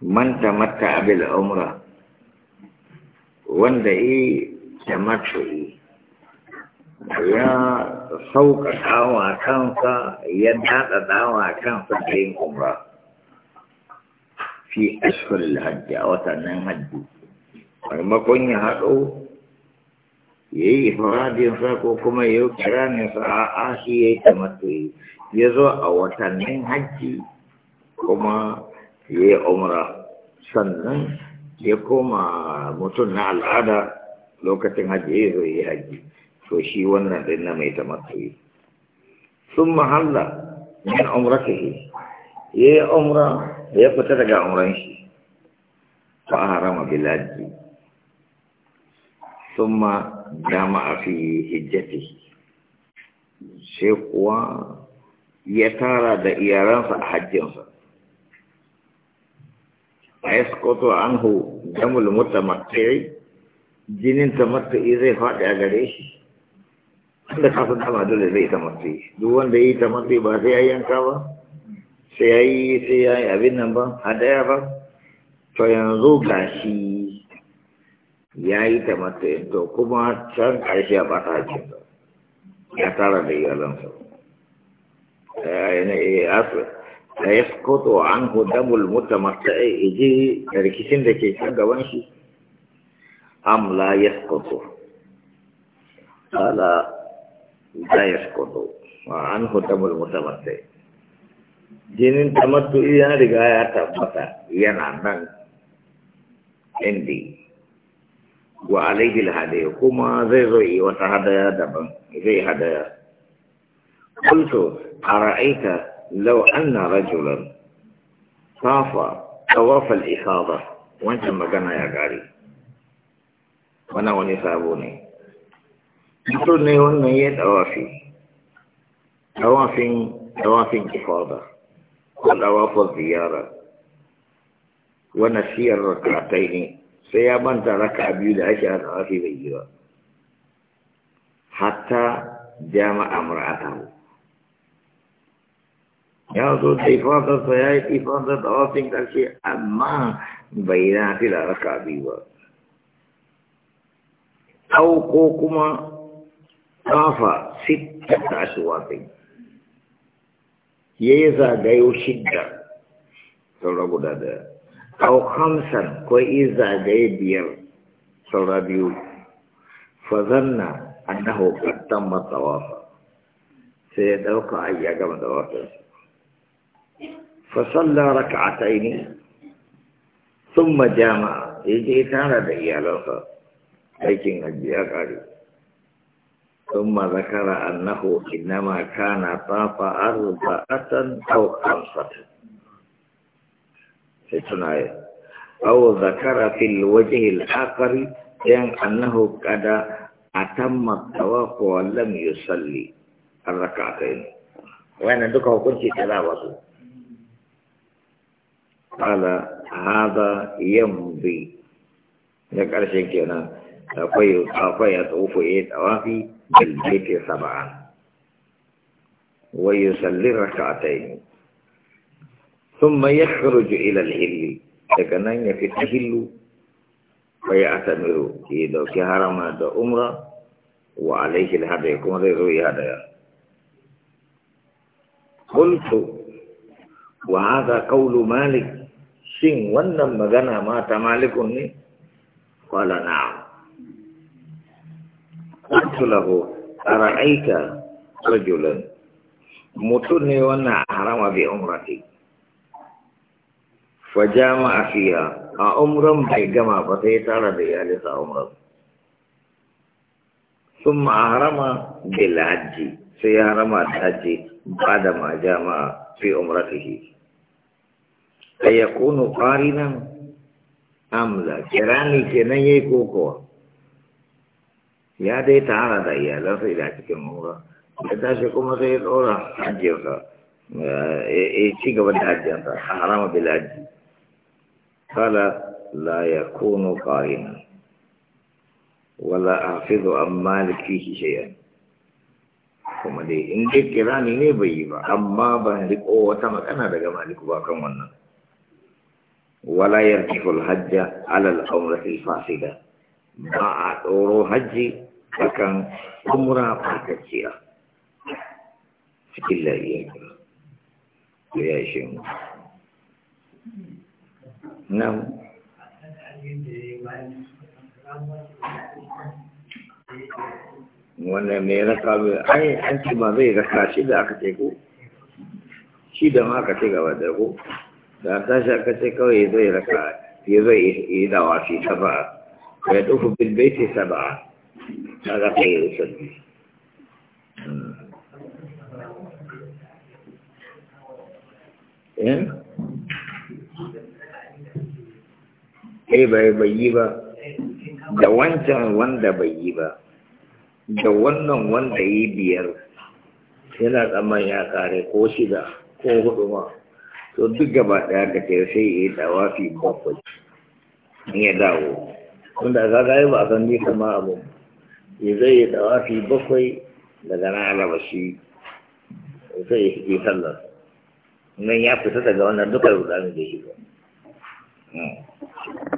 man tamatta bil umra wanda yi tamattu'i ya sauƙaƙa wa kansa ya daɗaɗa wa kansa da yin umra fi ashhuril hajji a watannin hajji maimakon ya haɗo ya yi faradinsa ko kuma ya yi kiraninsa a ashi ya yi tamattu'i ya zo a watannin hajji kuma ya yi umra sannan ya koma mutum na al'ada lokacin hajji ya zo yi hajji to shi wannan din na mai tamattuyi sun mahalla min yi ya yi umra ya fita daga umran shi a harama sun ma dama a fi hijjati sai kuwa ya tara da iyaransa a hajjinsa فيسقط عنه دم المتمتع jinin tamattu'i zai faɗi a gare shi wanda kasu dama dole zai tamattu'i duk wanda yi tamattu'i ba sai ya yanka ba sai ya yi sai ya yi abin nan ba hadaya ba to yanzu gashi ya yi tamattu'i to kuma can ƙarshe a ɓata hakin ya tara da iyalansa ya yi na da ya Koto an hudamul mutamata a iji da rikicin da ke kan gaban shi am la ya skoto ala la ya skoto an hudamul mutamata jinin tamattu yana riga ya tabbata yana nan indi wa alaihi alhadi kuma zai zo yi wata hadaya daban zai hadaya kuntu ara'aita لو أن رجلا طاف طواف الإفاضة وانت ما كان يا قاري وانا واني صابوني يقول لي وانا هي أوافي أوافي أوافي إفاضة والأواف الزيارة ونسي الركعتين سيابان تركع بيد العشاء أوافي بيجوا حتى جامع امرأته ya zo da ifadarsa ya yi ifadar da wasin ƙarshe amma bai na fila raka biyu ba au ko kuma kafa sita ta shi wasin ya yi zagayo shidda saura guda da au hamsan ko yi zagaye biyar saura biyu fazanna annahu qad tamma tawafa sai ya dauka ayya gama da wasansa فصلى ركعتين ثم جامع يجي تارة ديالوها لكن أجي أقاري ثم ذكر أنه إنما كان طاف أربعة أو خمسة في ثنايا أو ذكر في الوجه الآخر يعني أنه قد أتم الطواف ولم يصلي الركعتين وأنا دوك هو كنت تلاوته قال هذا يمضي لك شيء كنا فيطوف يتوافي إيه؟ بالبيت سبعا ويصلي ركعتين ثم يخرج إلى الهل لكن أن يفتح الهل فيعتمر إذا كهرم هذا أمره وعليه الهدى يكون ذي هذا قلت وهذا قول مالك shin wannan magana ma ta malikun ne? Kwala na’am. Kwantu laho, tsara aika rajulun, mutum ne wannan harama bai umrati. Faja ma’afiya, a umran bai gama ba sai ya tara da iyalinsa iyalisa umran. Sun harama bai lahajji, sai ya harama da ce ba da ma jama’a fi umratihi. أيكون قارنا أم لا كراني كنا يكوكوا ya dai tara da iyalansa ila cikin umra da tashi kuma sai ya tsora hajjiyarsa ya ci gaba da hajjiyarsa a harama bilaji kala la ya kono ƙarina wala a fizo an maliki shi shayan kuma dai in dai kirani ne bai yi ba amma ba riko wata magana daga maliku ba kan wannan ولا يرجح الحج على الأمر الفاسدة ما أورو حج فكان عمرة فاسدة إلا يجب يا شيخ نعم wannan mai raka mai ai an ce ma zai raka shi da aka ce ko shi da ma aka ce gaba da ko da ta shaka ce kawai zai raka ya zai yi da wafi saba'a ya tufu bil baiti ta ga kai usul hmm. eh eh bai bai yi ba da wancan wanda bai yi ba da wannan wanda yi biyar yana tsamman ya kare ko shida ko hudu ma to duk gaba ɗaya ka ce sai ya yi tawafi bakwai in ya dawo wanda ka yi ba a san ni kama abu ya zai yi tawafi bakwai daga na alabashi sai ya fi sallar nan ya fita daga wannan duka rudanin da shi ba hmm.